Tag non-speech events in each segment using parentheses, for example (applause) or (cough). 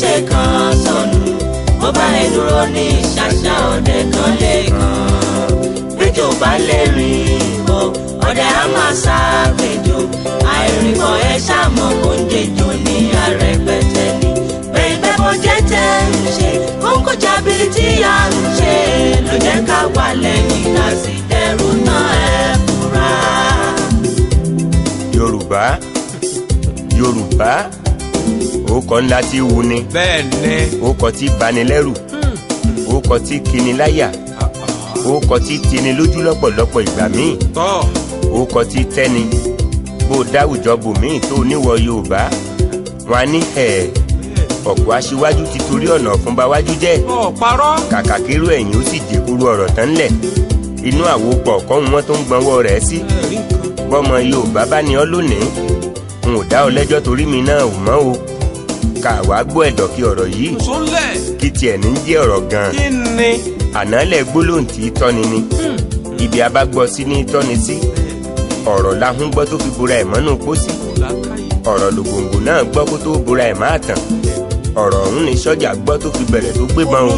ṣe kan sọnù mo bá ẹ ní ṣàṣà ọdẹ kan lẹ́ẹ̀kan péjò bá lè rìn o ọdẹ á máa sá péjò àìrìnkọ ẹ ṣàmọ oúnjẹ ní arẹpẹtẹ ni pẹ̀lẹ́ bó jẹ́ ṣe ó ń kọjá bí tí a ń ṣe ló jẹ́ ká wà lẹ́yìn láti dẹrù náà ẹ fura. Yorùbá Yorùbá orúkọ ńlá tí wù ni. bẹ́ẹ̀ni. orúkọ tí banilẹ́rù. Hmm. orúkọ tí kiniláyà. Ah. orúkọ tí tini lójú lọ́pọ̀lọpọ̀ ìgbà míì. tọ́. orúkọ tí tẹ́ni. bó o dáwùjọ bòmíì tó níwọ yorùbá. wọn á ní ẹ̀ẹ́ ọ̀pọ̀ aṣíwájú ti torí ọ̀nà ọ̀fúnbawájú jẹ́. ọ̀parọ́. kàkà kérò ẹ̀yìn ó sì dèkúrú ọ̀rọ̀ tán lẹ̀. inú àwòpọ̀ kọ́hún wọn tó ń gbọ́nwọ́ rẹ̀ sí. bọ́mọ Yorùbá bá ní ọ lónìí n ò dá ọ lẹ́jọ́ torí mi náà ò mọ́ o ká wá gbọ́ ẹ̀dọ̀kí ọ̀rọ̀ yìí. kí tiẹ̀ ní jẹ́ ọ̀rọ̀ gan-an. ànálẹ̀ gbólóhùn tí tọ́ni ni. Hmm. ibi abágbọ́ sí ní tọ́ni sí. ọ̀rọ̀ lahun gbọ́ tó fi bora ẹ̀ mọ́nú pósí. ọ̀rọ̀ lògbòǹgbò náà gbọ́ kó tó bora ẹ̀ máa tàn. ọ̀rọ̀ ọ̀hún ni sọ́jà gbọ́ tó fi bẹ̀rẹ̀ tó gbébọn o.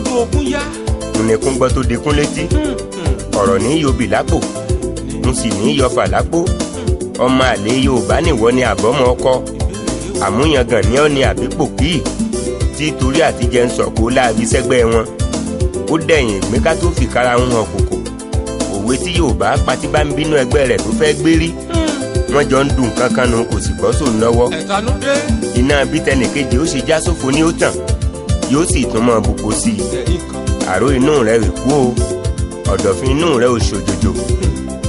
nùnẹ̀kún gbọ́ tó dekún létí. Hmm, hmm. ọ̀rọ̀ ní yóbi lápò. mo sì ní yọfà lápò. ọmọ àlè Yorùbá nìwọ ni àbọ̀mọ ọkọ àmúyangàn ní ọ̀nì àbípò kíì tí torí àtijẹ́ ń sọ̀kò láàbí sẹ́gbẹ́ wọn ó dẹ̀yìn ìpín ká tó fìkara ń hàn kòkò òwe tí Yorùbá patí bá ń bínú ẹgbẹ́ rẹ̀ tó fẹ́ gbérí wọ́n jọ ń dùn kankan nu kò sì gbọ́ sòun lọ́wọ́ iná bí tẹnìkejì ó ṣe já sófo ní ó tàn yóò sì tún mọ bùkún sí i àrò inú rẹ rè kú o ọ̀dọ̀fin inú rẹ ò ṣòjòjò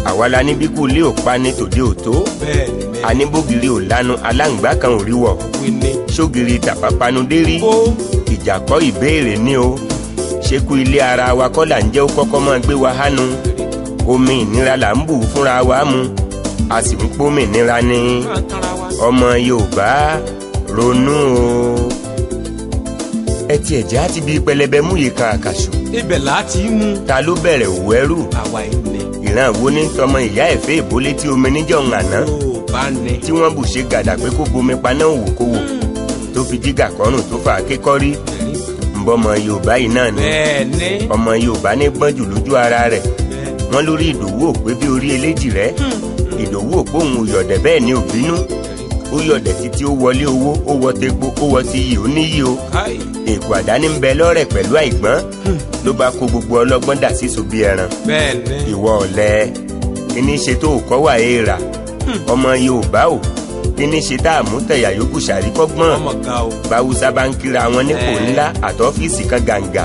àwa la níbí kú lé òpa ní tòde òtó. bẹ́ẹ̀ni aníbògiri ò lanu aláǹgbá kan ò rí wọ̀ sógiri tàpápánudé rí ìjà kọ́ ìbéèrè ní o ṣekú ilé ara wa kọ́ là ń jẹ́ ó kọ́kọ́ máa gbé wa hánu omi ìnira là ń bù fúnra wa mu a sì ń pómi ìnira ni ọmọ Yorùbá ronú o ẹ tiẹ̀ já ti bí pẹlẹbẹ mú yìí kan àkàṣù ibẹ̀ là á ti mú. ta ló bẹ̀rẹ̀ òwú ẹrú. àwa ilẹ̀. ìran wo ni tọmọ ìyá ẹ̀fẹ́ ìbólé tí omi níjọ́ ń àná. ó bá ní. tí wọ́n bù ṣe gàdà pé kó bomi paná òwò kó wò. Hmm. tó fi jígà kọrùn tó fà á ké kọ́rí. ǹbọ ọmọ yorùbá yìí náà ni. bẹ́ẹ̀ni. ọmọ yorùbá ní gbọ́njù lójú ara rẹ̀. wọ́n lórí ìdòwú òpé bí orí eléjì rẹ̀. Hmm. ìdòwú òpóhùn òyọ̀dẹ̀ bẹ́ẹ̀ ni òbínú ó yọ̀dẹ̀ títí ó wọlé owó ó wọ tepo ó wọ ti yìí ó níyì o èkó àdáni ń bẹ lọ́rẹ̀ pẹ̀lú àìgbọ́n hmm. ló bá kó gbogbo ọlọ́gbọ́n dà sísò bí ẹran ìwọ ọ̀lẹ kíní ṣe tó kọ́ wà éèrà hmm. ọmọ Yorùbá o kíní ṣe tá a mú tẹ̀yà yòókù ṣàríkọ́gbọ́n báwùsá bá ń kíra wọn nípò ńlá àtọ́fíìsì kan gàǹgà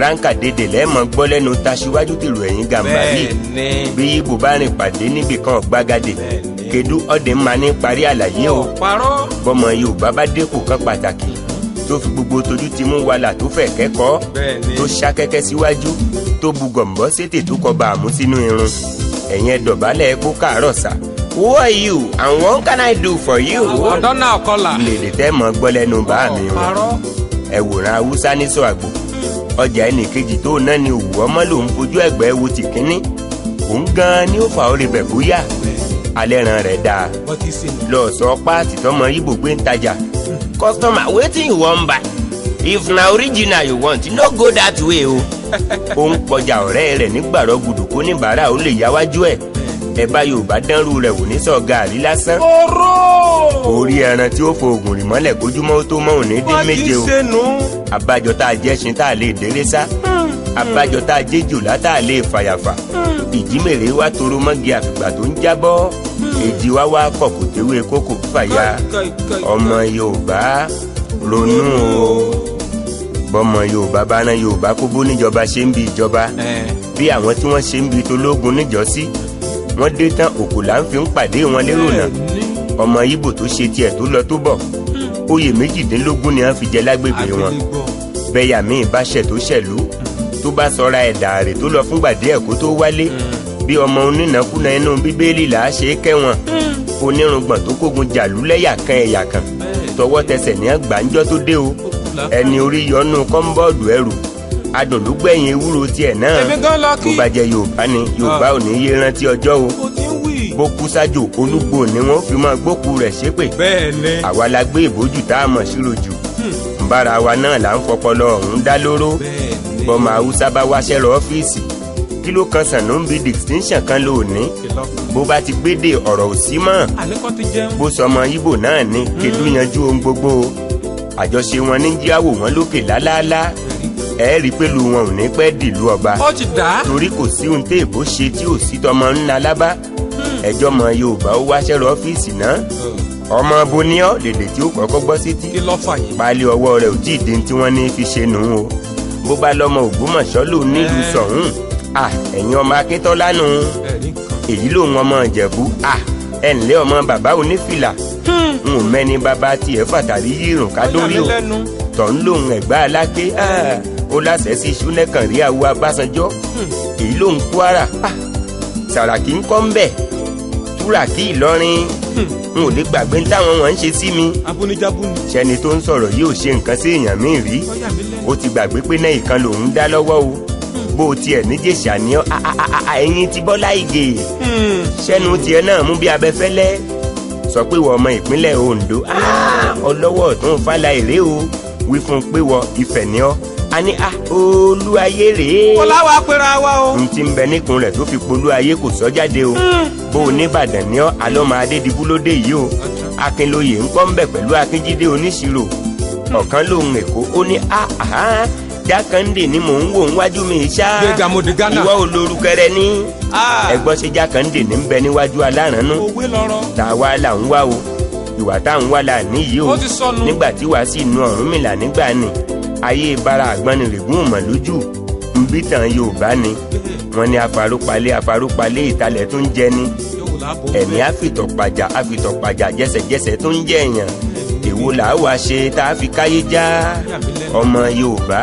ránkà dédè lẹ́ẹ̀mọ́ gbọ́ lẹ́nu taṣíwájú tìlù ẹ̀yìn gàmbá yìí bí ibo bá rìn pàdé níbìkan ọ̀gbagadè kedu ọdẹ mma ní parí àlàyé o bọmọ yorùbá bá dẹkù kan pàtàkì tó fi gbogbo tójú ti mú wàhálà tó fẹ́ kẹ́kọ̀ọ́ tó ṣakẹ́kẹ́ síwájú tó bu gọ̀m̀bọ́ sétè tó kọba àmú sínú irun ẹ̀yin ẹ̀dọ̀bálẹ̀ kó káàárọ̀ sà who are you and what can I do for you. ọ̀dọ́ náà kọ́là. tẹ́ mọ́ gbọ́ bá mi o ẹ̀wòrán haúsá ní sọ àgbò ọjà ẹnìkejì tó náà ni òwú ọmọ lòún fojú ẹ̀gbẹ́ wo tìkínní òun gan-an ni ó fà ó rebẹ̀ bóyá alẹ́ ran rẹ̀ dáa lọ sọ páàtì tọmọ ibo gbé ń tajà customer wetin you wan buy if na original you want no go that way o. (laughs) ó ń kọjá ọ̀rẹ́ rẹ̀ nígbàrọ̀ gùdù kó níbàárà ó lè yáwájú ẹ̀ ẹ bá yorùbá dánrú rẹ̀ wò ní sọ gàrí lásán. orí ẹran tí ó fo oògùn rì kójúmọ́ tó mọ́ òní dín méje o. àbájọ tá a jẹ́ sin tá a lè délé sá abájọ tá a jẹ́jò látà lè fàyàfà hmm. ìjímèrè wa toro mọ́gi àfìgbà tó ń jábọ́ hmm. èjì wa wá kọ̀ kò tewé kókò fàyà ọmọ Yorùbá ronú o bọ́mọ Yorùbá bá ná Yorùbá kó bó níjọba ṣe ń bi ìjọba bí àwọn tí wọ́n ṣe ń bi tológun níjọ́sí wọ́n dé tán òkú là ń fi ń pàdé wọn lérò náà ọmọ Ìgbò tó ṣe tiẹ̀ tó lọ tó bọ̀ hmm. oyè méjìdínlógún ni wọ́n fi jẹ lágbègbè wọn bẹ́yà míì bá ṣẹ̀ tó tó bá sọra ẹ̀ dàrè tó lọ fúngbà díẹ̀ kó tó wálé mm. bí ọmọ onínàkúnà inú bíbélì là á ṣe é kẹ́wọ̀n mm. onírùngbọ̀n tó kógun jàlú lẹ́yà kan ẹ̀yà kan tọwọ́ tẹsẹ̀ ní àgbáńjọ́ tó dé o ẹni orí yọnu kọ́ńbọ́ọ̀dù ẹrù adùnlúgbẹ̀yìn ewúro tiẹ̀ náà tó bàjẹ́ yorùbá ni yorùbá ò ní yé rántí ọjọ́ o bó kú sájò olúgbò ni wọ́n fi máa gbókù rẹ̀ ṣépè àwa la gbé ìbòjú tá a mọ̀ sírò jù nbára hmm. wa náà là ń fọpọlọ ọ̀hún dá lóró bọ́mọ haúsá bá wáṣẹ́ lọ ọ́fíìsì kí ló kan sànúbi distinction kan ló ní bó bá ti gbédè ọ̀rọ̀ ò sí mọ́ bó sọmọ ibo náà ní kedu hmm. yanjú ohun gbogbo àjọṣe wọn ní yíyáwó wọn lókè lálálá ẹ rí i pé lu wọn ò ní pẹ́ dìlú ọba torí kò sí ohun tẹ́ èbó ṣe tí ò sí tọmọ ńlá lábá hmm. ẹjọ́ mọ yorùbá ó wáṣẹ́ lọ ọ́fíìsì náà hmm. ọmọ boniọ́ lèdè tí ó kọ́kọ́ gbọ́ sí pálí ọwọ́ rẹ̀ ò tí ì dín tí wọ́n ní fi ṣe nù ú o bó bá lọ́mọ Ògbómọ̀ṣọ́ lò nílùú sọ̀hún eh. à ẹ̀yin ọmọ Akíntọ́lá nù èyí lòun ọmọ Ìjẹ̀bú à ẹ ǹlẹ́ ọmọ bàbá onífìlà hmm. n ò mẹ́ni bàbá tiẹ̀ fà tàbí yírùn ká dórí o tọ̀ ń lòun Ẹ̀gbá Aláké eh. ó láṣẹ sí ṣúnẹ́kàn rí àwọ Abásanjọ́ hmm. èyí lòun Kwara Sàràkí ń ń bẹ̀ Túràkì Ìlọrin n ò lè gbàgbé ní táwọn wọn ń ṣe sí mi. abúnijábúni. sẹ́ni tó ń sọ̀rọ̀ yìí ò ṣe nǹkan sí èèyàn míì rí ó ti gbàgbé pé náà ìkan lòún dá lọ́wọ́ o hmm. bó tiẹ̀ níjèṣà ní ẹ̀yìn ti Bọ́lá Ìgè sẹ́nu hmm. tiẹ̀ náà mú bí abẹ́fẹ́lẹ́ sọ pé wọ ọmọ ìpínlẹ̀ Ondo ọlọ́wọ́ ọ̀tún fàlà èrè o wí fún pé wọ Ifẹ̀ ni ọ́ a ní a ah, olúwayé rèé. kọlá wa pera wa o. n ti bẹ níkun rẹ tó fi polúwayé kò sọ jáde o. Hmm. bó o nìbàdàn ní ọ àlọ́mọ adédìbúlódé yìí o. akínlóye ń kọ́ ń bẹ̀ pẹ̀lú akínjídé oníṣirò. Hmm. ọ̀kan lòun èkó ó ní a ah, àhán jákàndé ni mò ń wò níwájú mi ṣá. gbẹ̀gà mo di ghana. ìwọ olórúkẹrẹ ní. Ah. ẹgbọ́n ṣe jákàndé ní bẹ níwájú alárànú. òwe lọ́rọ̀. tàwa là ń wá o ìwà tá à ń wá là níyì o nígbà tí wàá sì nu ọ̀rúnmìlà nígbà ni ayé bara àgbọnnìrègún òmòlójú nbí tàn yorùbá ni wọ́n ní aparópalé aparópalé ìtalẹ̀ tó ń jẹ ni ẹ̀mí àfìtọ̀pàjà àfìtọ̀pàjà jẹ́sẹ̀jẹ́sẹ̀ tó ń jẹ èèyàn èwo là á wá ṣe tá a fi káyé já ọmọ yorùbá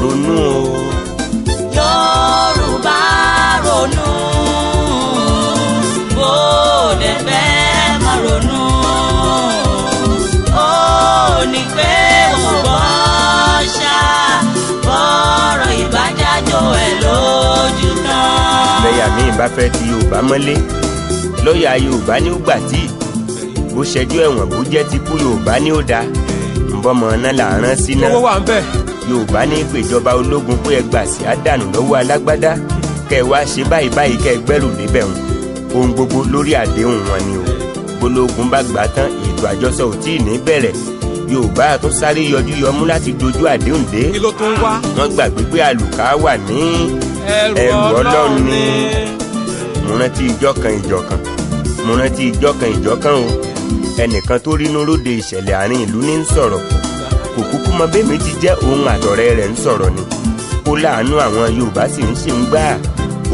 ronú o. yorùbá ronú. fẹ́yà míì bá fẹ́ ti Yorùbá mọ́lé lọ́ọ̀yà Yorùbá ni ó gbà tí bó ṣẹjú ẹ̀wọ̀n bó jẹ́ ti kú Yorùbá ni ó da nbọ́mọ náà là ń rán sí náà Yorùbá ní ìpèjọba ológun pé ẹ gbà sí àdànù lọ́wọ́ alágbádá kẹ wá ṣe báyìí báyìí kẹ gbẹ́rù débẹ̀ wọn ohun gbogbo lórí àdéhùn wọn ni o gbólógun bá gbà tán ètò àjọsọ ò tíì ní bẹ̀rẹ̀ yorùbá tó sáré yọjú yọmú láti dojú àdéhùn dé wọ́n gbàgbé pé àlùkà wà ní ẹrù ọlọ́run ni mo rántí ìjọ kan ìjọ kan mo rántí ìjọ kan ìjọ kan o ẹnìkan tó rínú lóde ìṣẹ̀lẹ̀ àárín ìlú ní ń sọ̀rọ̀ kò kúkú mọ bẹ́ẹ̀ mi ti jẹ́ òun àtọ̀rẹ́ rẹ̀ ń sọ̀rọ̀ ni kó láàánú àwọn yorùbá sì ń ṣe ń gbà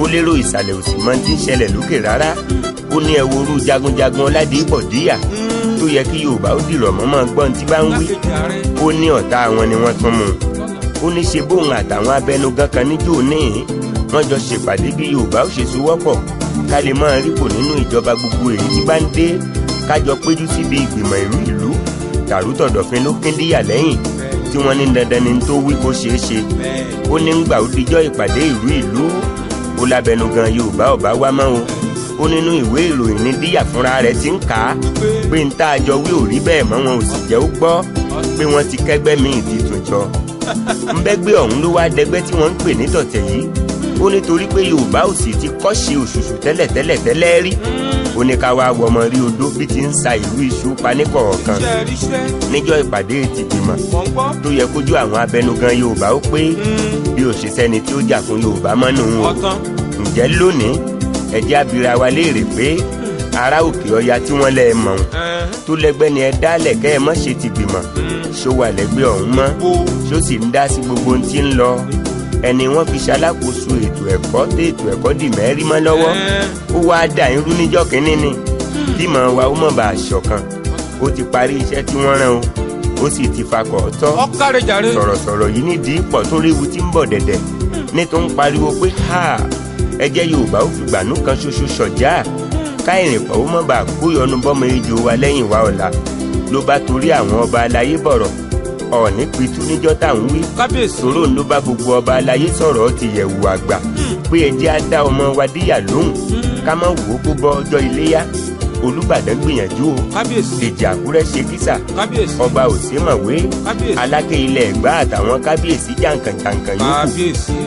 ó lérò ìsàlẹ̀ òsì mọ́ ti ń ṣẹlẹ̀ lókè rárá ó ní ẹ orú jagunjagun ọládìí bọ̀díyà. Mm tó yẹ kí yorùbá ó dìrọ̀ mọ́ máa gbọ́n tí bá ń wí ó ní ọ̀tá wọn ni wọ́n tún mú ó ní ṣe bóun àtàwọn abẹnugan kan níjó níhìn wọ́n jọ ṣèpàdé bí yorùbá ó ṣe sowọ́pọ̀ ká lè máa rípò nínú ìjọba gbogbo èyí tí bá ń dé kájọ péjú síbi ìgbìmọ̀ ìlú ìlú tàrútọ̀dọ̀fin ló kín díyà lẹ́yìn tí wọ́n ní dandan ni tó wí kó ṣeé ṣe ó ní ń gbà ó dijọ́ ìpàdé ó nínú ìwé ìròyìn ní díyà fúnra rẹ̀ ti ń kà á pé n tá a jọ wí ò bẹ́ẹ̀ mọ́ wọn ò sì jẹ́ ó gbọ́ pé wọ́n ti kẹ́gbẹ́ mi ìdìtò jọ nbẹ́gbẹ́ ọ̀hún ló wá dẹgbẹ́ tí wọ́n ń pè ní tọ̀tẹ̀ yìí ó nítorí pé yorùbá ò sì ti kọ́ṣe òṣùṣù tẹ́lẹ̀tẹ́lẹ̀ tẹ́lẹ̀ rí ó ní ká wá wọmọ rí odó bí ti ń sa ìlú iṣu paníkọ̀ọ̀kan níjọ́ ìpàdé ti gbìmọ̀ tó yẹ kójú àwọn abẹnugan yorùbá ó pé bí òṣìṣẹ́ni tí ó jà fún yorùbá mọ́nú wọn ǹjẹ́ lónìí ẹ jẹ́ abira wa léèrè pé ará òkè ọya tí wọ́n lẹ́ ẹ mọ̀ ọ́n tó lẹ́gbẹ́ ni ẹ dálẹ̀ kẹ́ ẹ mọ̀ ṣe ti gbìmọ̀ hmm. ṣó wà lẹ́gbẹ́ ọ̀hún mọ́ ṣó sì ń dá sí gbogbo ohun tí ń lọ ẹni wọ́n fi ṣalákòóso ètò ẹ̀kọ́ tó ètò ẹ̀kọ́ dì mẹ́rí mọ́ lọ́wọ́ ó wáá dà ń rú níjọ́ kínní ni hmm. kí mọ̀ wa ó mọ̀ bá a ṣọ̀kan ó ti parí iṣẹ́ tí wọ́n rán o ó sì ti fakọ̀ ọ̀tọ́ sọ̀rọ̀sọ̀rọ̀ yìí nídìí pọ̀ tó léwu tí ń bọ̀ dẹ̀dẹ̀ hmm. ní tó ń pariwo pé háà ẹjẹ́ yorùbá ó fìgbà nú kan ṣoṣo ṣọ̀já káìrìn pọ̀ ó mọ̀ bá kóyọnu bọ́mọ ejò wa lẹ́yìn wa ọ̀la ló bá torí àwọn ọba aláyé bọ̀rọ̀ ọ̀ọ́nì pitú níjọ́ táwọn wí. kábíyèsí sòrò ló bá gbogbo ọba aláyé sọ̀rọ̀ ti yẹ̀wò àgbà hmm. pé ẹjẹ́ á dá ọmọ wa díyà lóhùn hmm. ká má wò ó kó bọ́ ọjọ́ iléyá olùbàdàn gbìyànjú o dèjì àkúrẹ́ ṣe tísà ọba òsèmọ̀wé aláké ilẹ̀ ẹ̀gbá àtàwọn kábíyèsí jàǹkànjàǹkàn yòókù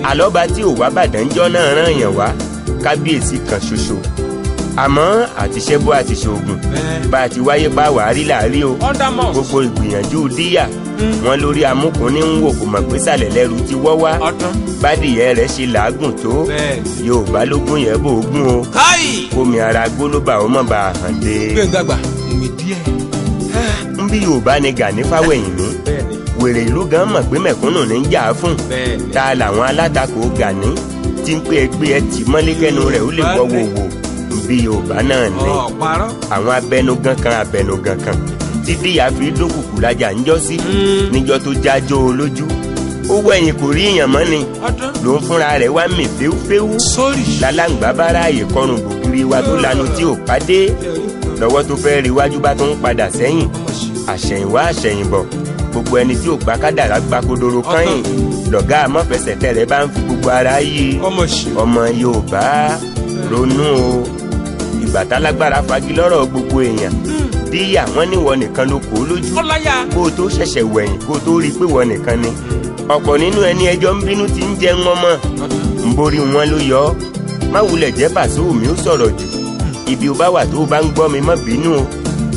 alọ́ba tí ò bàdàn jọ́ náà ràn yàn wá kábíyèsí kan ṣoṣo àmọ́ àtiṣẹ́bó àtiṣoògùn bá a ti wáyé bá wàá rí làárí o gbogbo ìgbìyànjú díyà wọn lórí amúkùnrin ń wò kò mọ̀ pé sàlẹ̀ lẹ́rù ti wọ́ wá bádìyẹ rẹ̀ ṣe làágùn tó yorùbá ló gún yẹn bò gún o kómi ara gbólóbà ó mọ̀ bá a hàn dé. gbẹ̀ngàgbà bí yorùbá ni gani fáwẹ̀yìn mi wèrè ìlú gan mọ̀ pé mẹ̀kúnnù ní í jà á fún ta làwọn alátakò gani tí ń pé ẹ tì mọ́lé rẹ̀ ó lè wọ́ bí yorùbá náà ní àwọn abẹnugan kan abẹnugan kan títí àfi dókùkù lajà ńjọ́ sí hmm. níjọ́ tó jájọ́ olójú ó wẹ̀yìn kò rí èèyàn mọ́ ni ló ń fúnra rẹ̀ wá mì fẹ́wúfẹ́wú lálàǹgbá bára bòkiri wa tó lanu tí ò pàdé lọ́wọ́ tó fẹ́ rí iwájú bá tó ń padà sẹ́yìn àṣẹ̀yìnwá àṣẹ̀yìnbọ̀ gbogbo ẹni tí ò gbá kádàrá gba kodoro kọ́yìn lọ̀gá àmọ́fẹsẹ̀tẹ̀ rẹ̀ bá ń fi gbogbo ara yí ọmọ Yorùbá ronú o ìgbà tálágbára fagilọ́rọ̀ gbogbo èèyàn hmm bí àwọn níwọ nìkan ló kó lójú kó o tó ṣẹ̀ṣẹ̀ wẹ̀yìn kó o tó rí i pé wọ nìkan ni ọ̀pọ̀ nínú ẹni ẹjọ́ ń bínú ti ń jẹ wọn mọ́ ń borí wọn ló yọ ọ́ má wulẹ̀ jẹ́ pàṣẹ omi ó sọ̀rọ̀ jù ibi ó bá wà tó o bá ń gbọ́ mi má bínú o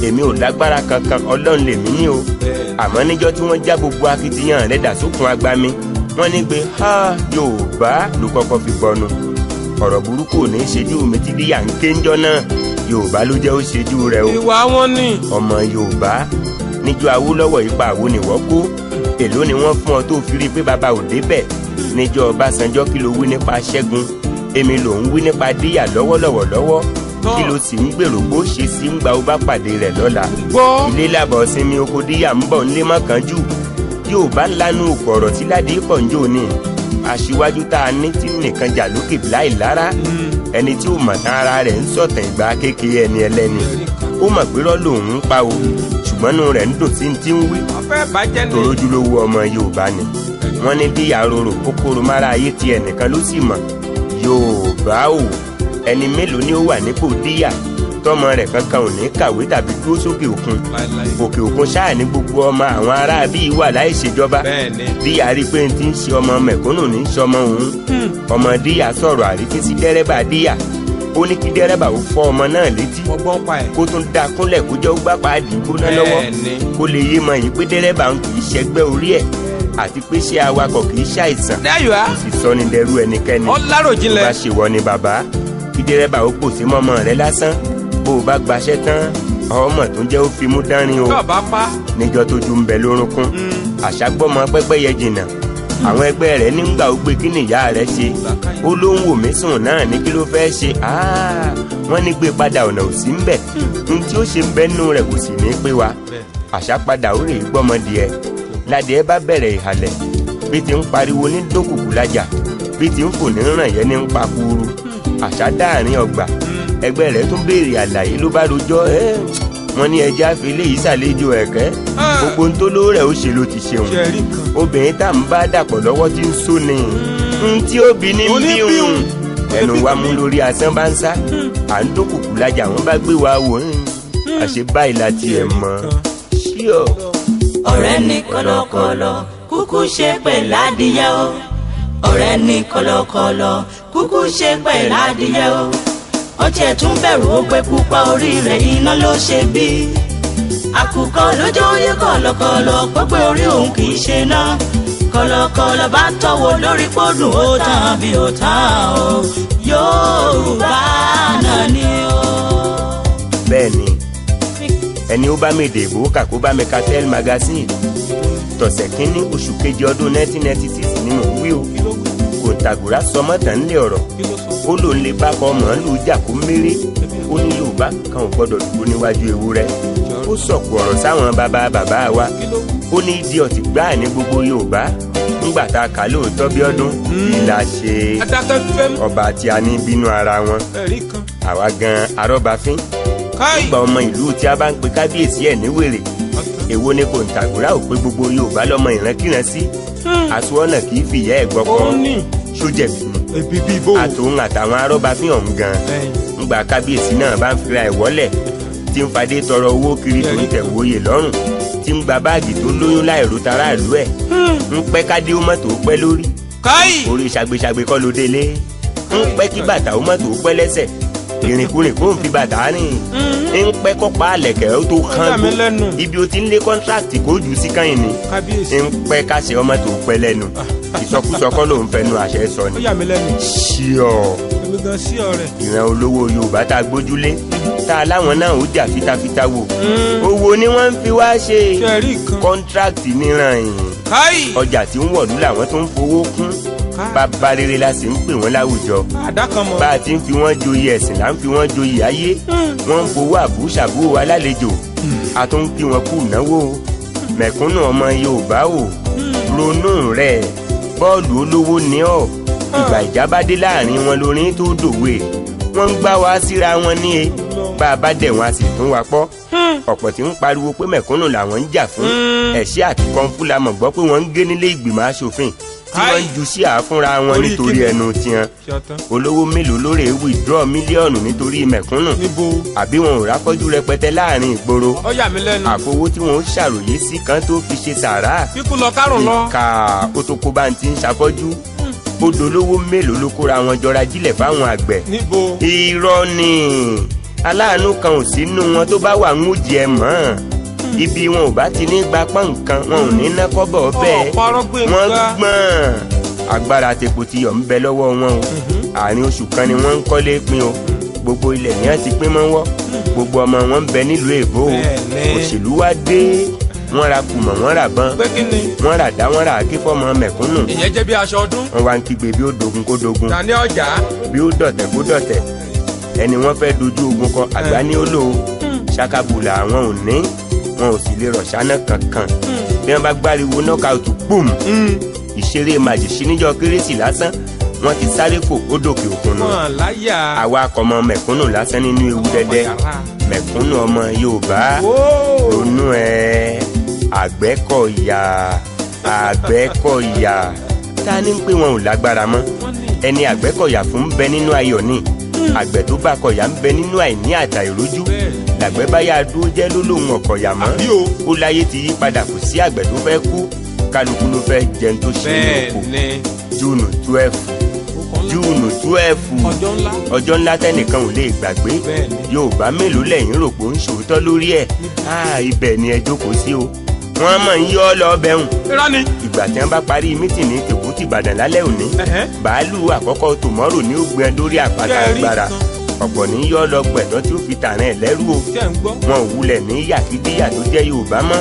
èmi ò lágbára kankan ọlọ́run lèmi ní o àmọ́ níjọ́ tí wọ́n já gbogbo akitiyan rẹ̀ dà sókun agbami wọ́n ní pé ha Yorùbá ló kọ́kọ́ fi bọnu ọ̀rọ̀ burúkú ò ní yorùbá ló jẹ́ ó ṣejú rẹ̀ o. ìwà wọn ni. ọmọ yorùbá níjọ́ awúlọ́wọ̀ ipa àwo nìwọ́ kó èló ni wọ́n fún ọ tó fi rí i pé bàbá ò débẹ̀ níjọ́ ọbásanjọ́ kí ló wí nípa ṣẹ́gun èmi ló ń wí nípa díyà lọ́wọ́lọ́wọ́ lọ́wọ́ kí ló sì ń gbèrò bó ṣe sí ń gba ó bá pàdé rẹ̀ lọ́la. ilé làbọ̀ sinmi oko díyà ń bọ̀ nílé mọ́kànjú yóò bá lanu kọ̀rọ̀ tí ládìí pọ̀ ń jò ní aṣíwájú tá a ní tí nìkan jà lókè láì lára hmm ẹni tí ó mọ̀ tán ara rẹ̀ ń sọ̀tàn ìgbà kékeré ẹni ẹlẹ́ni ó mọ̀ pé rọ́ lòun ń pa o ṣùgbọ́n inú rẹ̀ ń dùn sí ti ń wí torójúlówó ọmọ Yorùbá ni wọ́n ní bí àròrò kókóró mára ayé ti ẹnìkan ló sì mọ̀ Yorùbá o ẹni mélòó ni ó wà nípò díyà tọmọ rẹ̀ kankan ò ní kàwé tàbí dúró sókè òkun òkè òkun ṣáà ní gbogbo ọmọ àwọn ará bíi wà láì ṣèjọba bí àrípé ń ti ń ṣe ọmọ mẹ̀kúnnù ní ṣọmọ òun hmm. ọmọ díyà sọ̀rọ̀ àrífín sí dẹ́rẹ́bà díyà ó ní kí dẹ́rẹ́bà ó fọ́ ọmọ náà létí kó tún da kúnlẹ̀ kó jẹ́ ó pàdé gbóná lọ́wọ́ kó lè yé mọ̀ yìí pé dẹ́rẹ́bà ń kì í ṣẹgbẹ́ orí ẹ̀ àti pé ṣé awakọ̀ kì í ṣàìsàn sì sọ ní dẹrú ẹnikẹ́ni ó bá ṣèwọ ni bàbá kí dẹ́rẹ́bà ó pòsí mọ́mọ́ rẹ lásán bó o bá gbaṣẹ́ tán ọmọ tó jẹ́ ó fi mú dánrin o níjọ́ tó ju ń bẹ lórúnkún hmm. àṣàgbọ́mọ pẹ́pẹ́ yẹ jìnnà àwọn ẹgbẹ́ rẹ̀ nígbà ó gbé kí nìyá rẹ̀ ṣe ó ló ń wò mí sùn náà ní kí ló fẹ́ẹ́ ṣe ah, wọ́n ní gbé padà ọ̀nà ò sí ń bẹ̀ n tí ó ṣe ń bẹ́ nù rẹ̀ kò sì ní pé wa àṣà padà ó rè é gbọ́mọdé ládìẹ bá bẹ̀rẹ̀ ìhàlẹ̀ bí ti ń pariwo ní dókùkù lájà bí ti ń fò ní ràn ní ń ẹgbẹ́ rẹ̀ tún béèrè àlàyé ló bá rojọ́ ẹ́ wọ́n ní ẹja fi léyìí ṣàlejò ẹ̀kẹ́ ah. gbogbo ń tó ló rẹ̀ ó ṣe ló ti ṣeun obìnrin tá à ń bá dàpọ̀ lọ́wọ́ ti ń só ni hmm. n tí ó bí ní bíun ẹnu wa mú lórí asán bá ń sá hmm. à ń dókùkù lajà wọ́n bá gbé wa wò ń hmm. àṣẹ báyìí la tiẹ̀ mọ́ ọ̀rẹ́ ní kọ̀lọ̀kọ̀lọ̀ kúkú ṣe pẹ̀lú adìyẹ o ọ̀rẹ́ ní kọ̀lọ̀kọ̀lọ̀ kúkú ṣe pẹ̀lú adìyẹ o ó tiẹ̀ tún bẹ̀rù ó pé pupa orí rẹ̀ iná ló ṣe bí àkùkọ lójó yé kọ̀lọ̀kọ̀lọ̀ pépé orí òun kì í ṣe ná kọ̀lọ̀kọ̀lọ̀ bá tọwọ́ lórí pọ́dùn ó tàn bí ó tàn ó Yorùbá náà ni ó. bẹ́ẹ̀ni ẹni ó bá mèdè ìbò kàkó bá mẹka tẹl magazine tọ̀sẹ̀ kínní oṣù kejì ọdún 1996 nínú wíwò kòńtàgùrà sọmọ́tàn ńlẹ̀ ọ̀rọ̀ ó lòun lè bá kọ màálù jàkó méré ó ní yorùbá kan ò gbọdọ̀ dúró níwájú ewúrẹ́ ó sọ̀kù ọ̀rọ̀ sáwọn bàbá bàbá wa ó ní ìdí ọ̀tí gbáà ní gbogbo yorùbá nígbà tá a kà lóòótọ́ bí ọdún ìlà hmm. ṣe ọba tí a ní bínú ara wọn àwa gan arọ́bàfín nígbà ọmọ ìlú tí a bá ń pe kábíyèsí ẹ̀ ní èwo ni kò ń tàgùrà ò pé gbogbo yorùbá lọ́mọ ìránkìrán sí àsùwọ̀nà hmm. kì í fìyà ẹ̀ gbọ́kọ́ sójẹ bí mu àtòun àtàwọn arọ́bàfin ọ̀hún gan ńgbà kábíyèsí náà bá ń fira ìwọ́lẹ̀ tí ń fadé tọrọ owó kiri torí tẹ̀wòye lọ́rùn tí ń gba báàgì tó lóyún láìró tara ìlú ẹ̀ hmm. ń pẹ́ kádé ó mọ́tò pẹ́ lórí orí ṣàgbéṣàgbé kọ́ ló délé ń pẹ́ kí bàtà ó mọ́tò pẹ́ lẹ́sẹ̀ ìrìnkúrìn kò ń fi bàtà rìn mhm. ń pẹ́ kọ́pá àlẹ̀kẹ́ ó tó kán gbó ibi o ti ń lé kọ́ńtrákì kó jù sí kan ìní ń pẹ́ káṣẹ ọmọ tó pẹ́ lẹ́nu ah, ah, ah. ìsọkúsọ kọ́ ló ń fẹnu àṣẹ sọ ni ṣíọ ìran olówó Yorùbá tá a gbójúlé tá láwọn náà ó jà fitafita wò mm. owó ni wọ́n ń fi wá ṣe kọ́ńtrákì níran yìí ọjà tí ń wọ̀lú làwọn tó ń fowó kún bàbá rere la sì ń pè wọ́n láwùjọ. bá a ti ń fi wọ́n joyè ẹ̀sìn là ń fi wọ́n joyè ayé hmm. wọ́n ń fowó àbúṣàbúrò alálejò hmm. a tún ń kí wọn kú náwó hmm. mẹ̀kúnnù ọmọ Yorùbá o ronú rẹ̀ bọ́ọ̀lù olówó ní ọ̀ ìgbà ìjábádé láàrin wọn lórin tó dòwe wọ́n ń gbá wa síra wọn ní e bá a bá dẹ̀ wọn a sì tún wa pọ̀ ọ̀pọ̀ tí ń pariwo pé mẹ̀kúnnù làwọn ń jà fún ẹ̀ṣẹ́ àti kọ́ńfù la mọ̀ gbọ́ pé wọ́n ń gé nílé ìgbìmọ̀ asòfin tí wọ́n ju sí àfúnra wọn nítorí ẹnu tiwọn olówó mélòó lóore withdraw mílíọ̀nù nítorí mẹ̀kúnnù àbí wọn ò rákọ́jú rẹpẹtẹ láàrin ìgboro àfowó tí wọn ṣàròyé sí kan tó fi ṣe sàrà ìka otokoba ti ń ṣàfọ́jú hmm. odò olówó mélòó ló kóra wọn jọra jílẹ̀ fáwọn àgbẹ̀ irọ́ ni aláàánú kan ò sínú wọn tó bá wà ń wújẹ mọ́ ibi wọn ò bá ti ní gba pọ́nkan wọn ò ní ná kọ́bọ̀ bẹ́ẹ̀ wọ́n gbọ́n agbára tepo ti yọ̀ ń bẹ lọ́wọ́ wọn o mm-hmm. àárín oṣù kan ni wọ́n ń kọ́lé pin o gbogbo ilẹ̀ ni wọ́n ti pín mọ́ wọ́ gbogbo ọmọ wọn ń bẹ nílùú èbó o òṣèlú wa dé wọ́n ra kùmọ̀ wọ́n ra bán wọ́n ra dá wọ́n ra àké mẹ̀kúnnù. ìyẹn jẹ́ bí aṣọ ọdún. wọ́n wá ń kígbe bí ó dogun kó dogun. tani ọjà. bí ó dọ̀tẹ̀ kó dọ̀tẹ̀ ẹni wọ́n fẹ́ dojú ogun kọ àgbá ní ó lò hmm. àwọn ò ní wọn ò sì lè rọ̀ṣáná kankan bí wọ́n bá gbáriwo knockout boom ìṣeré màjèṣí níjọ́ kérésì lásán wọ́n ti sáré fò ó dòkè òkun nù. àwa akọmọ mẹ̀kúnnù lásán nínú ewu dẹ́dẹ́ mẹ̀kúnnù ọmọ Yorùbá ronú ẹ Àgbẹ̀kọ̀yà Àgbẹ̀kọ̀yà ta ni ń pè wọn ò lágbára mọ́ ẹni Àgbẹ̀kọ̀yà fún bẹ nínú ayọ̀ ni hmm. àgbẹ̀ tó bá kọ̀yà ń bẹ nínú àìní àtà ìrójú dàgbẹ́ báyà dúró jẹ́ ló lòun ọ̀kọ̀yà mọ́ ó láyé ti yí padà kò sí àgbẹ̀ tó fẹ́ kú kálukú ló fẹ́ jẹun tó ṣe é lóko júùnù twelve júùnù twelve ọjọ́ ńlá tẹ́nìkan ò lè gbàgbé yorùbá mélòó lẹ́yìn rò pé ó ń ṣòótọ́ lórí ẹ̀ ah, ibẹ̀ ni ẹ jókòó sí o wọ́n mọ̀ ń yọ́ lọ bẹ̀hùn ìgbà tí wọ́n bá parí mítìn ní tèkútì ìbàdàn lálẹ́ òní bàálù àkọ́kọ́ tòmọ́rò ní ó gbẹ lórí àpáta agbára ọ̀pọ̀ ní yọ lọ gbẹ̀dọ́ tí ó fi tààrẹ ẹ̀ lẹ́rú o wọn ò wulẹ̀ ní yàkídíyà tó jẹ́ Yorùbá mọ́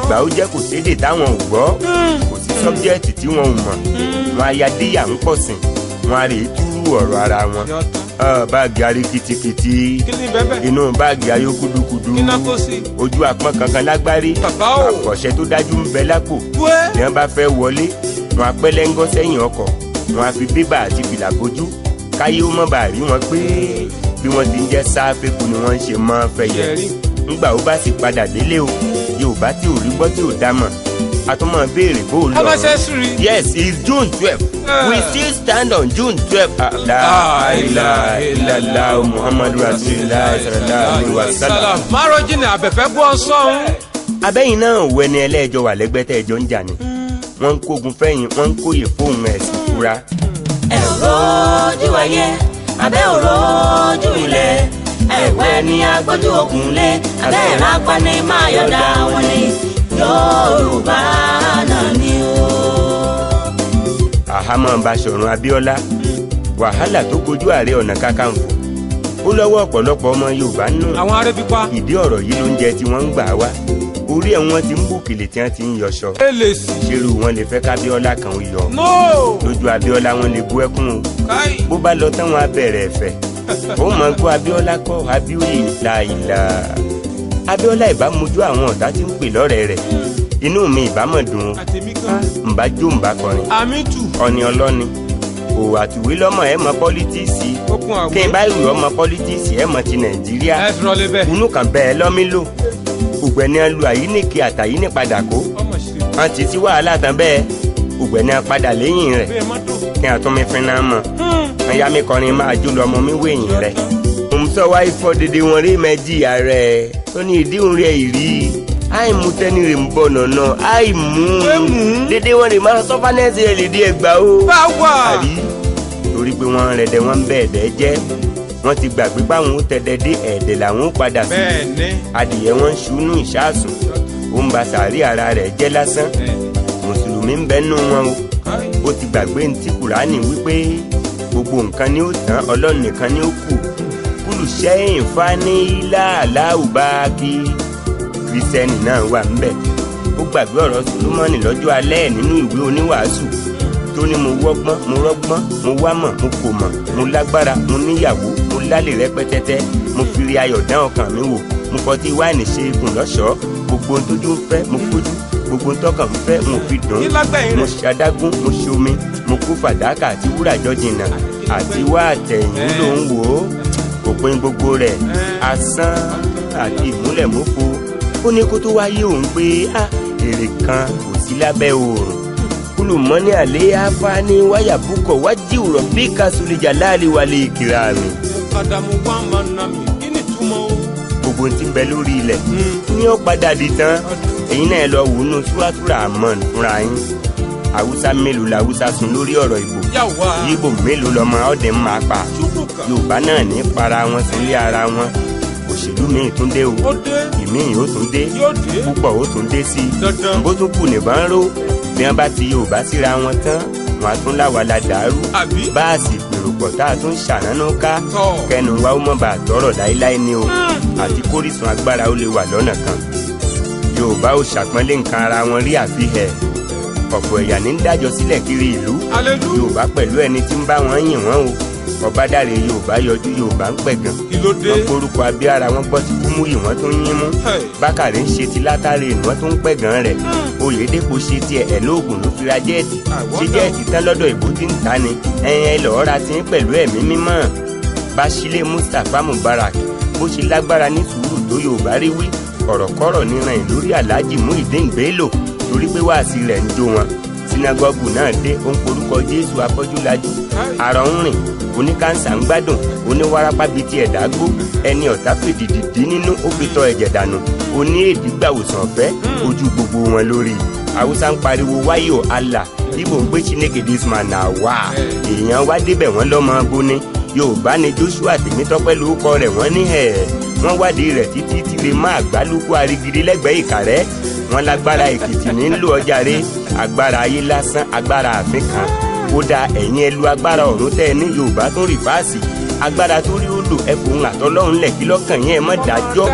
ìgbà ó jẹ́ kò sédè táwọn ò gbọ́ hmm. kò sí sọ́bjẹ́ẹ̀tì tí wọn ò mọ̀ hmm. wọn ayadíyà ń pọ̀ sí wọn a rè túrú ọ̀rọ̀ ara wọn báàgì arí kitikiti inú báàgì ayó kudukudu ojú àpọn kankan lágbárí àkọ̀ṣẹ́ tó dájú ń bẹ lápò bí bá fẹ́ wọlé wọn apẹ́lẹ́ńgọ́ sẹ́yìn ọkọ̀ wọn a fi bébà àti fìlà bojú káyé ó bá rí wọn pé bí wọ́n ti ń jẹ́ sáfẹ́kù ni wọ́n ń ṣe mọ́ fẹyẹ ńgbà ó bá sì padà délé o yorùbá tí ò rí gbọ́ tí ò dá mọ̀ àtúmọ̀ béèrè bó lọ. ọmọ ṣe sùn rí. yes it's june twelve eh. we still stand on june twelve. Ah, la ah, ilaha illallah muhammadu rasulillah sallallahu alaihi wasallam. márojìnà àbẹ̀fẹ́ bọ́ sọ́hún. abẹ́yìn náà wẹ ni ẹlẹ́jọ́ wà lẹ́gbẹ́tẹ́ ẹjọ́ ń jà ni hmm. wọ́n ń kógun fẹ́yìn wọ́n ń kóyè fóun ẹ̀sìn fúra. Mm òrójú ayé abẹ́ òrójú ilẹ̀ ẹ̀wẹ́ ni agbójú òkun lé abẹ́ ìrápá ni máa yọ̀dá wọn ni Yorùbá náà ni o. àhámọ́ Basọ̀run Abíọ́lá wàhálà tó kojú Ààrẹ Ọ̀nà Kakanfò ó lọ́wọ́ ọ̀pọ̀lọpọ̀ ọmọ Yorùbá nù. àwọn arẹ́bí pa. ìdí ọ̀rọ̀ yìí ló ń jẹ tí wọ́n ń gbà wá orí ẹ̀ wọ́n ti ń bòkèlè tí wọ́n ti ń yọṣọ. ṣerú wọn lè fẹ́ kábíọ́lá kan yọ. lójú abíọ́lá wọn lè bú ẹkún o. bó bá lọ tán wọn á bẹ̀rẹ̀ ẹ̀fẹ̀. ó mọ̀ ń abíọ́lá kọ́ abíọ́lá ìlà abíọ́lá ìbámojú àwọn ọ̀tá ti ń pè lọ́rẹ̀ẹ́ rẹ̀ inú mi ìbámọ̀ dùn ún. ǹbá jó ǹbá kọrin. ọ̀nì ọlọ́ni ìbò àtìwé lọ́mọ ẹ̀ mọ pọ́lítíìsì kí n bá ìwé ọmọ pọ́lítíìsì ẹ̀ mọ ti nàìjíríà kùnú kan bẹ́ẹ̀ lọ́mí lò ògbẹ́ ni a lu àyíníkì àtàyíní padà kó wọn ti ti wàhálà tán bẹ́ẹ̀ ògbẹ́ ni a padà lẹ́yìn rẹ̀ kí a tún mi fin náà mọ̀ wọn yá mi kọrin máa jó lọ mi wéyìn rẹ̀ òmùsọ̀ wa ifọ̀ dèdè wọn rí mẹ́jì ààrẹ tó ní ìdíhùn rẹ̀ ìrí àìmú tẹ́ni rè ń bọ̀ nànà àìmú dédé wọn rè máa sọ́fánẹ́sì rẹ̀ lè dé ẹgbàá o àrí torí pé wọ́n rẹ̀ dẹ̀ wọ́n ń bẹ̀ẹ̀dẹ̀ jẹ́ wọ́n ti gbàgbé báwọn ó tẹ̀dẹ̀ dé ẹ̀ẹ̀dẹ̀ làwọn ó padà sí i adìyẹ wọn ń ṣunú ìṣáàsùn ó ń ba sàárì ara rẹ̀ jẹ́ lásán mùsùlùmí ń bẹ́nu wọn o ó ti gbàgbé ní ti kùránì wípé gbogbo nǹkan ni ó tán ọlọ́run nìkan ni ó kù kúlù sẹ́yìn fani láàláùbáàkì kìrìsẹ́nì náà wà ńbẹ̀ ó gbàgbé ọ̀rọ̀ solomoni lọ́jọ́ alẹ́ nínú ìwé oníwàásù tó ní mo wọ́gbọ́n mo rọ́gbọ́n mo wámọ̀ mo kò mọ̀ mo lágbára mo níyàwó dádì rẹpẹtẹtẹ mo fi rí ayọ̀ dán ọkàn mi wò mo fọtí wáìnì ṣe ikùn lọ́ṣọ̀ọ́ gbogbo ohun ń fẹ́ mo fojú gbogbo tọkàn ń fẹ́ mo fi dùn mo ṣàdágún mo ṣomi mo kú fàdákà àti wúrà jọjìnà àti wá àtẹ̀yìn ló ń wò ó òpin gbogbo rẹ̀ asán àti ìmúlẹ̀mófo ó ní kó tó wáyé òun pé a ah, èrè kan kò sí lábẹ́ oòrùn kulumọ́ni àlẹ́ afáàní wáyà búkọ̀ wájú rọ̀ bí kásùlẹ̀ jà láàlẹ́ wálé mi. Kadamu wà má nà mí kí ni túmọ̀ o. gbogbo ti bẹ lórí ilẹ̀ hmm. ní ó padà di tán èyí náà lọ wò nù súwátúrà àmọ́ fúnra yín haúsá mélòó la haúsá sun lórí ọ̀rọ̀ ìbò yíbò mélòó lọ́mọ ọ̀dẹ̀ máa pa yorùbá náà ní para wọn sílé ara wọn òṣèlú míì tún dé o ìmíì ó tún dé púpọ̀ ó tún dé sí i bó tún kù nìbọn ró bí wọ́n bá ti yorùbá síra wọn tán wọn á tún láwa la dàrú bá a sì àlòpọ̀ tá a tún ṣànánú ká kẹnu wa ó mọ̀ bá tọrọ láéláé ni o hmm. àti kórìsùn agbára ó lè wà lọ́nà kan yorùbá ò ṣàpọ́nlé nǹkan ara wọn rí àfihàn ọ̀pọ̀ ẹ̀yà ní dájọ́ sílẹ̀ kiri ìlú yorùbá pẹ̀lú ẹni tí ń bá wọn yìn wọ́n o ọ̀bádàrẹ yorùbá yọjú yorùbá ń pẹ̀gàn. kí ló dé. wọ́n gborúkọ abíára wọn gbọ́ ti kúmú yìí wọ́n tún yín mú. bákàrẹ ń ṣe ti látàrí ìwọ́n tún pẹ̀gàn rẹ̀. Hmm. oyèdèpọ̀ ṣe tiẹ̀ ẹ̀ lóògùn ló fira jẹ́ẹ̀tì. ṣé jẹ́ẹ̀tì tán lọ́dọ̀ ìbò ti ń ta ni. ẹyin ẹ lọ́ọ́ ra ti ń pẹ̀lú ẹ̀mí mímọ́. Bashile Mustapha Mubarak bó ṣe lágbára ní sùúrù tó yorùbá sinagogu náà dé ó ń porúkọ jésù afọ́júlajú àrọ̀ ń rìn oníkànsà ń gbádùn oníwárápá bíi ti ẹ̀dá gbó ẹni ọ̀tá fèdìdì dín nínú ó fi tọ ẹ̀jẹ̀ dànù oní èdè gbàwòsàn ọ̀fẹ́ ojú gbogbo wọn lórí haúsá ń pariwo wáyò allah ibo ń gbé chineke this man na wá èèyàn wá débẹ̀ wọ́n lọ́mọ gbóni yorùbá ni joshua tèmítọ́pẹ́ lórúkọ rẹ̀ wọ́n ní ẹ̀ wọ́n wádìí rẹ̀ títí tí lè má àgbálùkù arigidi lẹ́gbẹ̀ẹ́ ìkàrẹ́ wọn lágbára èkìtì nílò ọjà rẹ agbára ayé lásán agbára àfin kan kódà ẹ̀yin ẹlú agbára ọ̀run tẹ́ ẹ ní yorùbá tún rìfáàsì agbára tó rí ó lò ẹ kò ń àtọ́lọ́run lẹ̀ kí lọ́kàn yẹn mọ́ dájọ́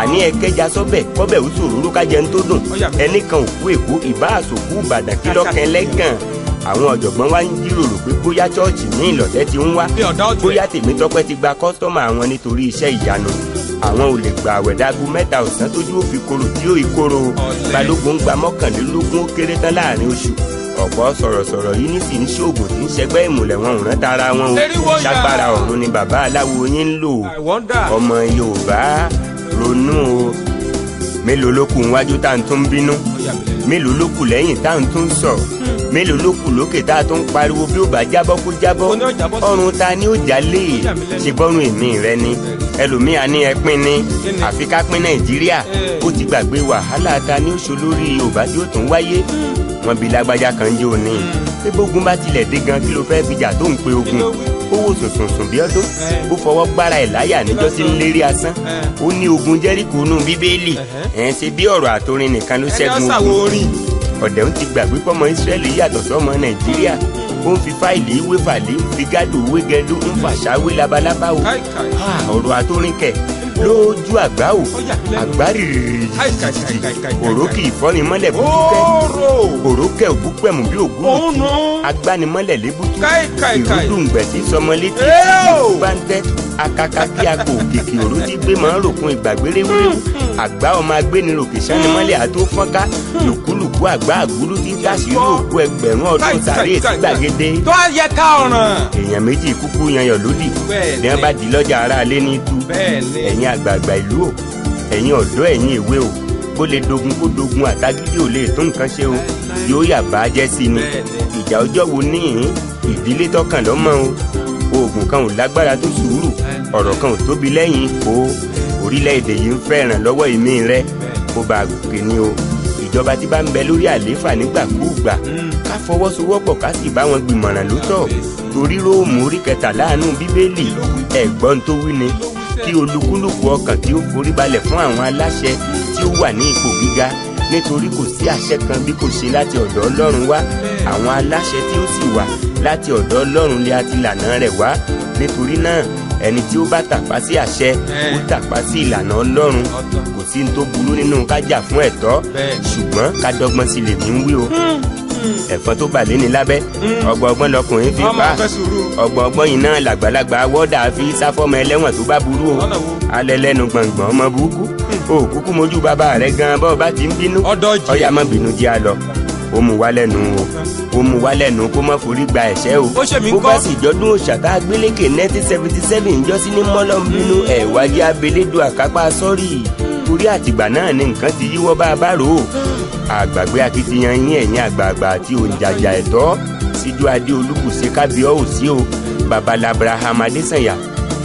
àní ẹ kẹja sọ́bẹ̀ kọ́bẹ̀ ó sòróró kájẹ ń tó dùn ẹnìkan òkú èkó ìbá àsòkú ìbàdàn kí lọ́kàn ẹlẹ́gàn àwọn ọ̀jọ̀gbọ́n wa ń jíròrò pé bóyá chọ́ọ̀chì ní ìlọ̀tẹ́ ti ń wá bóyá tèmítọ́pẹ́ ti gba kọ́sítọ́mù àwọn nítorí iṣẹ́ ìyanu àwọn ò lè gba àwẹ̀ mẹ́ta ọ̀sán tó dúró fi koro tí ó ìkoro balógun ń gba mọ́kànlélógún ó kéré tán láàrin oṣù ọ̀pọ̀ sọ̀rọ̀sọ̀rọ̀ yìí nísì ń ṣoògùn tí ń ṣẹgbẹ́ ìmùlẹ̀ wọn ò rán tara wọn o ṣàgbára ọ̀run ni bàbá aláwo yín ń lò ọmọ Yorùbá ronú o mélòó ló kù níwájú tá à ń tún bínú mélòó ló kù lẹ́yìn tá à ń tún sọ mélòó ló kù lókè tá a tún pariwo bí ó bá jábọ́ kó jábọ́ ọrùn ta ni ó já lé e ṣe bọ́rùn èmi rẹ ni ẹlòmíà ní ẹpin ni àfi ká pín nàìjíríà ó ti gbàgbé wàhálà ta ni ó ṣe olórí yorùbá tí ó tún wáyé wọn bí lágbájá kan jẹ́ òní pé bógun bá tilẹ̀ dé gan kí ló fẹ́ bìjà tó ń pe ogun bówó sùnsùnsùn bí ọdún bó fọwọ́ gbára ẹ̀ láyà níjọ́ tí ń lérí asán ó ní ogun jẹ́ríkù nù bíbélì ẹ̀ ń ṣe bí ọ̀rọ̀ àtòrin nìkan ló ṣẹ́gun ogun ọ̀dẹ̀ ń ti gbàgbé pọ́mọ Ísírẹ́lì yàtọ̀ sọ́mọ Nàìjíríà ó ń fi fáìlì ìwé ń fi gádùn ìwé ń fàṣà wé labalábá ah, ọ̀rọ̀ àtòrin kẹ̀ lójú àgbá o àgbárìrì òrókì ìfọ́nimọ́lẹ̀ bùkúkẹ́ òrókẹ́ òbúpẹ̀mù bí ògún agbanimọ́lẹ̀ lébùtú ìrúdùn gbẹ̀sí sọmọlétí báńtẹ́ akaka bí aago òkìkì òró ti gbé mọ́ ròkun ìgbàgbére wíwú hmm. àgbá ọmọ agbéniròkè sanimọ́lẹ̀ àtó fọ́nká lòkúlù òkú àgbà àgúrú tí ń tàṣírí òkú ẹgbẹ̀rún ọdún sàárè tí gbàgede. tó a yẹ ká ọ̀ràn. èèyàn méjì kúkú yanyàn lódì ní wọn bá di lọ́jà ara alẹ́ ní tú ẹ̀yin àgbààgbà ìlú o ẹ̀yin ọ̀dọ́ ẹ̀yin ìwé o kó lè dogun kó dogun àtàgídí ò lè tó nǹkan ṣe o yóò yà bá a jẹ́ sí ni ìjà ọjọ́ wo níhìn ìdílé tọkàn lọ́mọ o oògùn kan ò lágbára tó sùúrù ọ̀rọ̀ kan ò tóbi lẹ́yìn o orílẹ̀-èdè yìí ń fẹ́ ìrànlọ́wọ́ ìmí rẹ kó bá a gòkè ní o ìjọba tí bá ń bẹ lórí àlééfà nígbàkúùgbà hmm. ká fọwọ́sowọ́pọ̀ ká sì bá wọn gbìmọ̀ràn lótọ́ torí róòmù orí kẹtàlá àánú bíbélì ẹ̀gbọ́n tó wí ni kí olúkúlùkù ọkàn kí ó forí balẹ̀ fún àwọn aláṣẹ tí ó wà ní ipò gíga nítorí kò sí àṣẹ kan bí kò ṣe láti ọ̀dọ̀ ọlọ́run wá àwọn aláṣẹ tí ó sì wà láti ọ̀dọ̀ ọlọ́run lé àti ìlànà rẹ̀ wá nítorí náà ẹni tí ó bá tàpá sí àṣẹ ó tàpá sí ìlànà ọlọ́run sí ní tó burú nínú kájà fún ẹ̀tọ́ ṣùgbọ́n ká dọ́gbọ́n sí lèmi ń wí o hmm, hmm. ẹ̀fọn tó bà lé ní lábẹ́ hmm. ọgbọ̀ngbọ́n lọkùnrin fi pa ọgbọ̀ngbọ́n yìí náà làgbàlagbà wọ́dà fi sáfọ́mọ ẹlẹ́wọ̀n tó bá burú o alẹ́ lẹ́nu gbọ̀ngbọ̀n ọmọ burúkú o kúkú mojú bàbá rẹ gan bọ́ bá ti ń bínú ọyà má bínú jẹ́ a lọ ó mú wa lẹ́nu o ó mú wa lẹ́nu kó má forí gba ẹ̀ṣẹ̀ o bó bá sì jọdún òṣàkà gbélékè nineteen seventy seven jọ́sí ní mọ́lọ́mbínú ẹ̀wájú abẹ́lẹ́dọ̀ àkápá sọ́rí torí àtìgbà náà ni nǹkan ti yíwọ́ bá a bá rò ó àgbàgbé akitiyan yín ẹ̀yin àgbààgbà àti òǹjàjà ẹ̀tọ́ síjú adé olùkùsí kábíọ́ òsì o babalá abraham adésànyà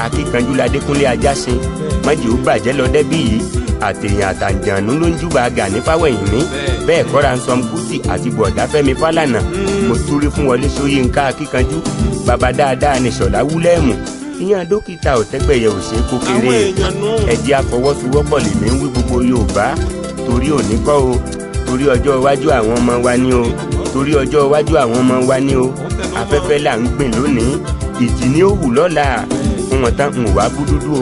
akíkanjú ládékúnlé ajásin mọ́jì ó bàjẹ́ lọ dẹ́bí yìí àtẹ̀yìn àtàǹjànú ló ń júbà gani fáwẹ̀yìn mi bẹ́ẹ̀ kọ́ra ń sọm kùtì àti bọ̀dá fẹ́mi fálànà mo túrí fún wọlé ṣóyínká akíkanjú baba dáadáa ní ṣọ̀lá wúlẹ́ẹ̀mù àtìyàn dókítà ọ̀tẹ́gbẹ̀yẹ ò ṣe kó kéré ẹ̀jẹ̀ àfọwọ́sowọ́pọ̀ lèmi ń wí gbogbo Yorùbá torí òní kọ́ o torí ọjọ́ iwájú àwọn ọmọ wa ni o torí ọjọ́ iwájú àwọn ọmọ wa ni o afẹ́fẹ́ là ń gbìn lónìí ìjì ni ó wù lọ́la wọn tán ń wá búdúdú o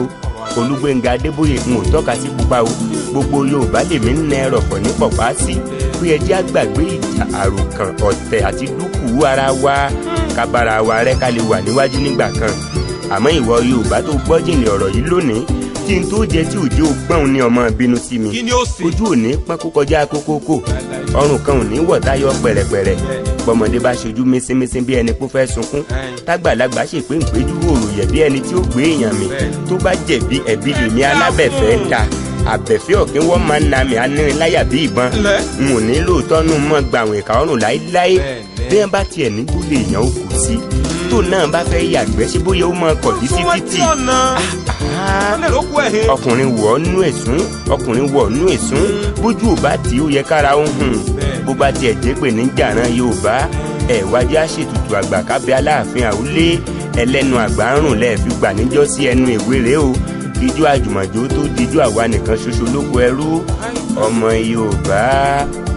Olúgbénga Adébóyè ń ò tọ́ka sí pupa o gbogbo Yorùbá lèmi ń nà ẹ̀rọ̀ ní pọ̀pá sí pé ẹjẹ́ àgbàgbé ìjà àròkàn ọ̀tẹ̀ àti dúkùú ara wa kábàrà wa rẹ́ ká lè wà níwájú nígbà kan àmọ́ ìwọ Yorùbá tó gbọ́ jìnnì ọ̀rọ̀ yìí lónìí kí n tó jẹ tí òjò gbọ́n ní ọmọ bínú sí mi ojú òní pákó kọjá kókókó ọrùn kan òní wọ̀ táyọ̀ pẹ̀rẹ̀pẹ̀rẹ̀ bọ́mọdé bá ṣojú mísínmísín bí ẹni kó fẹ́ sunkún tágbàlagbà ṣe pé ìpéjú òròyẹ̀ bí ẹni tí ó gbé èèyàn mi tó bá jẹ̀bi ẹ̀bi lèmi alábẹ̀fẹ́ ń ta àbẹ̀fẹ́ ọ̀kẹ́ wọ́n máa ń na mi aníniláyà bí ìbọn n ò ní lóòótọ́ nù mọ́ gbàwìn ìkà ọ̀run láéláé bí wọ́n bá tiẹ̀ ní gbólé èèyàn ó kù sí i tó náà bá fẹ́ yàgbẹ́ ṣé bóyá ó máa kọ̀ títí títì. Ah, ọkùnrin wọ̀ nú ẹ̀sùn ọkùnrin wọ̀ nú ẹ̀sùn mm. bójú ò bá tì ó yẹ kára ó hùn bó bá tiẹ̀ jẹ́ pé níjàrá Yorùbá mm. ẹ̀ wájú àṣetutù àgbà kábẹ́ Aláàfin Àwúlé ẹlẹ́nu àgbà ń rùn lẹ́ẹ̀fi gbà níjọ́ sí ẹnu ìwéré o ijó àjùmọ̀jó tó dijó àwa nìkan ṣoṣo lóko ẹrú ọmọ Yorùbá